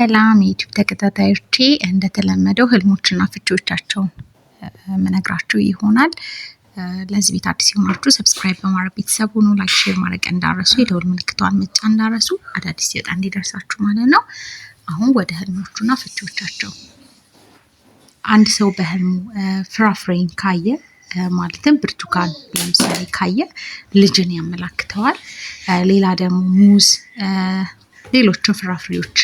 ሰላም የዩቲዩብ ተከታታዮቼ፣ እንደተለመደው ህልሞችና ፍቺዎቻቸውን ምነግራችሁ ይሆናል። ለዚህ ቤት አዲስ የሆናችሁ ሰብስክራይብ በማድረግ ቤተሰብ ሁኑ። ላይክ፣ ሼር ማድረግ እንዳረሱ፣ የደውል ምልክቷን ምጫ እንዳረሱ፣ አዳዲስ ሲወጣ እንዲደርሳችሁ ማለት ነው። አሁን ወደ ህልሞቹና ፍቺዎቻቸው። አንድ ሰው በህልሙ ፍራፍሬን ካየ ማለትም ብርቱካን ለምሳሌ ካየ ልጅን ያመላክተዋል። ሌላ ደግሞ ሙዝ ሌሎችን ፍራፍሬዎች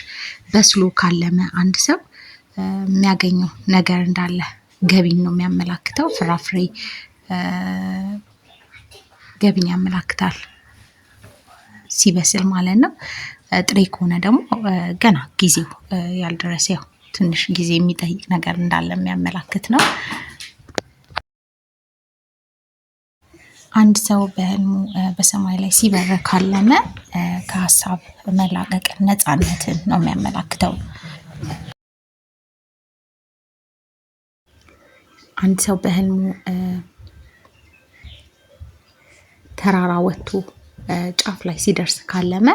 በስሎ ካለመ አንድ ሰው የሚያገኘው ነገር እንዳለ ገቢን ነው የሚያመላክተው። ፍራፍሬ ገቢን ያመላክታል ሲበስል ማለት ነው። ጥሬ ከሆነ ደግሞ ገና ጊዜው ያልደረሰው ትንሽ ጊዜ የሚጠይቅ ነገር እንዳለ የሚያመላክት ነው። አንድ ሰው በህልሙ በሰማይ ላይ ሲበር ካለመ ከሀሳብ መላቀቅ ነፃነትን ነው የሚያመላክተው። አንድ ሰው በህልሙ ተራራ ወጥቶ ጫፍ ላይ ሲደርስ ካለመ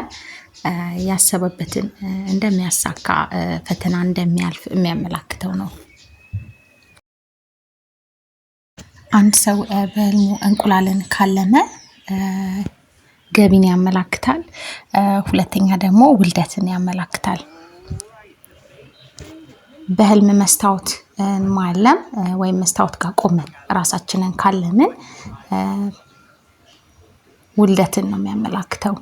ያሰበበትን እንደሚያሳካ፣ ፈተና እንደሚያልፍ የሚያመላክተው ነው። አንድ ሰው በህልሙ እንቁላልን ካለመ ገቢን ያመላክታል። ሁለተኛ ደግሞ ውልደትን ያመላክታል። በህልም መስታወት ማለም ወይም መስታወት ጋር ቆመን ራሳችንን ካለምን ውልደትን ነው የሚያመላክተው።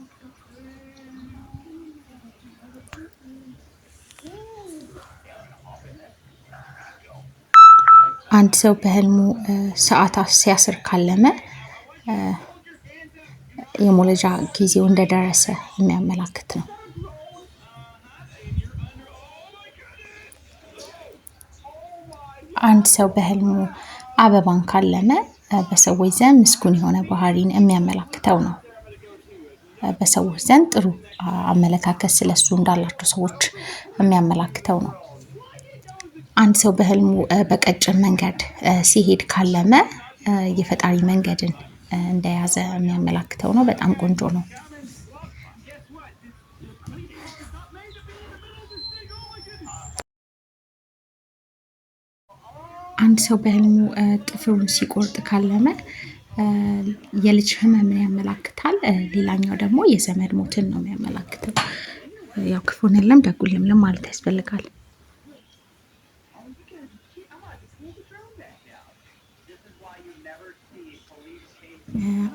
አንድ ሰው በህልሙ ሰዓት ሲያስር ካለመ የሞለጃ ጊዜው እንደደረሰ የሚያመላክት ነው። አንድ ሰው በህልሙ አበባን ካለመ በሰዎች ዘንድ ምስጉን የሆነ ባህሪን የሚያመላክተው ነው። በሰዎች ዘንድ ጥሩ አመለካከት ስለሱ እንዳላቸው ሰዎች የሚያመላክተው ነው። አንድ ሰው በህልሙ በቀጭን መንገድ ሲሄድ ካለመ የፈጣሪ መንገድን እንደያዘ የሚያመላክተው ነው። በጣም ቆንጆ ነው። አንድ ሰው በህልሙ ጥፍሩን ሲቆርጥ ካለመ የልጅ ህመምን ያመላክታል። ሌላኛው ደግሞ የዘመድ ሞትን ነው የሚያመላክተው። ያው ክፉን ህልም ደጉን ማለት ያስፈልጋል።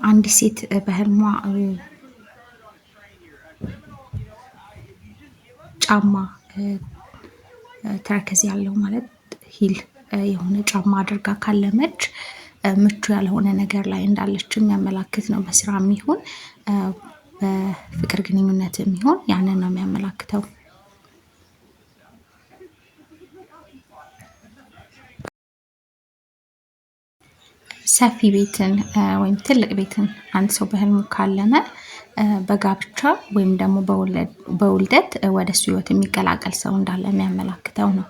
አንዲት ሴት በህልሟ ጫማ ተረከዝ ያለው ማለት ሂል የሆነ ጫማ አድርጋ ካለመች ምቹ ያልሆነ ነገር ላይ እንዳለች የሚያመላክት ነው። በስራ የሚሆን በፍቅር ግንኙነት የሚሆን ያንን ነው የሚያመላክተው። ሰፊ ቤትን ወይም ትልቅ ቤትን አንድ ሰው በህልሙ ካለመ በጋብቻ ወይም ደግሞ በውልደት ወደ እሱ ህይወት የሚቀላቀል ሰው እንዳለ የሚያመላክተው ነው።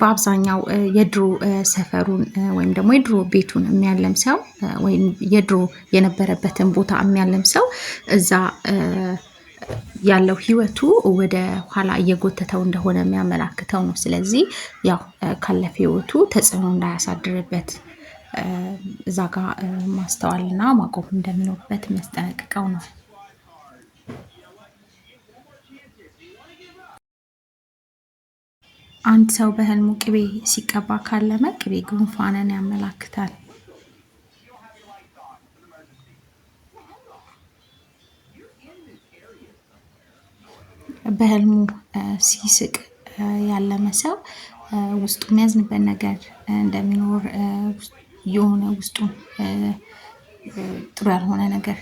በአብዛኛው የድሮ ሰፈሩን ወይም ደግሞ የድሮ ቤቱን የሚያለም ሰው ወይም የድሮ የነበረበትን ቦታ የሚያለም ሰው እዛ ያለው ህይወቱ ወደ ኋላ እየጎተተው እንደሆነ የሚያመላክተው ነው። ስለዚህ ያው ካለፈ ህይወቱ ተጽዕኖ እንዳያሳድርበት እዛ ማስተዋል ማስተዋልና ማቆም እንደሚኖርበት የሚያስጠነቅቀው ነው። አንድ ሰው በህልሙ ቅቤ ሲቀባ ካለመ ቅቤ ጉንፋንን ያመላክታል። በህልሙ ሲስቅ ያለመ ሰው ውስጡ የሚያዝንበት ነገር እንደሚኖር የሆነ ውስጡን ጥሩ ያልሆነ ነገር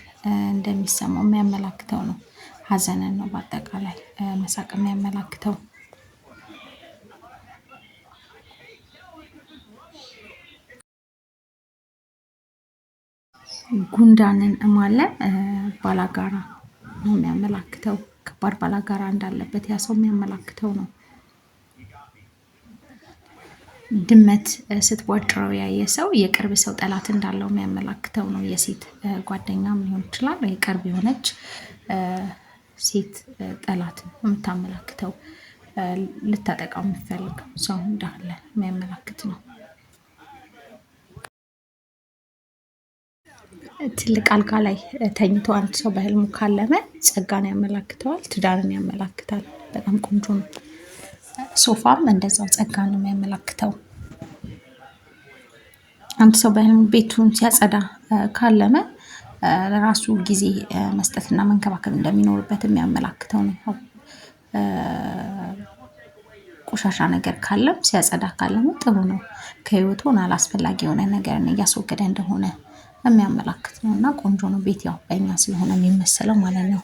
እንደሚሰማው የሚያመላክተው ነው። ሀዘንን ነው በአጠቃላይ መሳቅ የሚያመላክተው። ጉንዳንን ማለ ባላጋራ ነው የሚያመላክተው ከባድ ጋር እንዳለበት ያ ሰው የሚያመላክተው ነው። ድመት ስትቧጭረው ያየ ሰው የቅርብ ሰው ጠላት እንዳለው የሚያመላክተው ነው። የሴት ጓደኛም ሊሆን ይችላል። የቅርብ የሆነች ሴት ጠላት የምታመላክተው ልታጠቃው የምትፈልገው ሰው እንዳለ የሚያመላክት ነው። ትልቅ አልጋ ላይ ተኝቶ አንድ ሰው በህልሙ ካለመ ጸጋን ያመላክተዋል፣ ትዳርን ያመላክታል። በጣም ቆንጆ ነው። ሶፋም እንደዛው ጸጋን ነው የሚያመላክተው። አንድ ሰው በህልሙ ቤቱን ሲያጸዳ ካለመ ለራሱ ጊዜ መስጠትና መንከባከብ እንደሚኖርበት የሚያመላክተው ነው። ቆሻሻ ነገር ካለም ሲያጸዳ ካለመ ጥሩ ነው። ከህይወቱን አላስፈላጊ የሆነ ነገርን እያስወገደ እንደሆነ የሚያመላክት ነው እና ቆንጆ ነው። ቤት ያው በእኛ ስለሆነ የሚመሰለው ማለት ነው።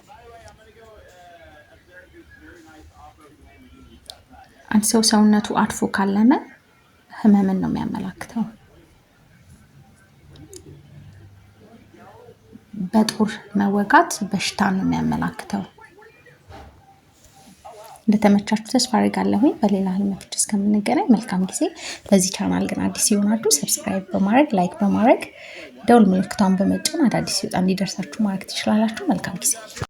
አንድ ሰው ሰውነቱ አድፎ ካለመ ህመምን ነው የሚያመላክተው። በጦር መወጋት በሽታን ነው የሚያመላክተው። እንደተመቻችሁ ተስፋ አድርጋለሁኝ። በሌላ ህልሞች እስከምንገናኝ መልካም ጊዜ። በዚህ ቻናል ግን አዲስ ሲሆናችሁ ሰብስክራይብ በማድረግ ላይክ በማድረግ ደውል ምልክቷን በመጫን አዳዲስ ሲወጣ እንዲደርሳችሁ ማድረግ ትችላላችሁ። መልካም ጊዜ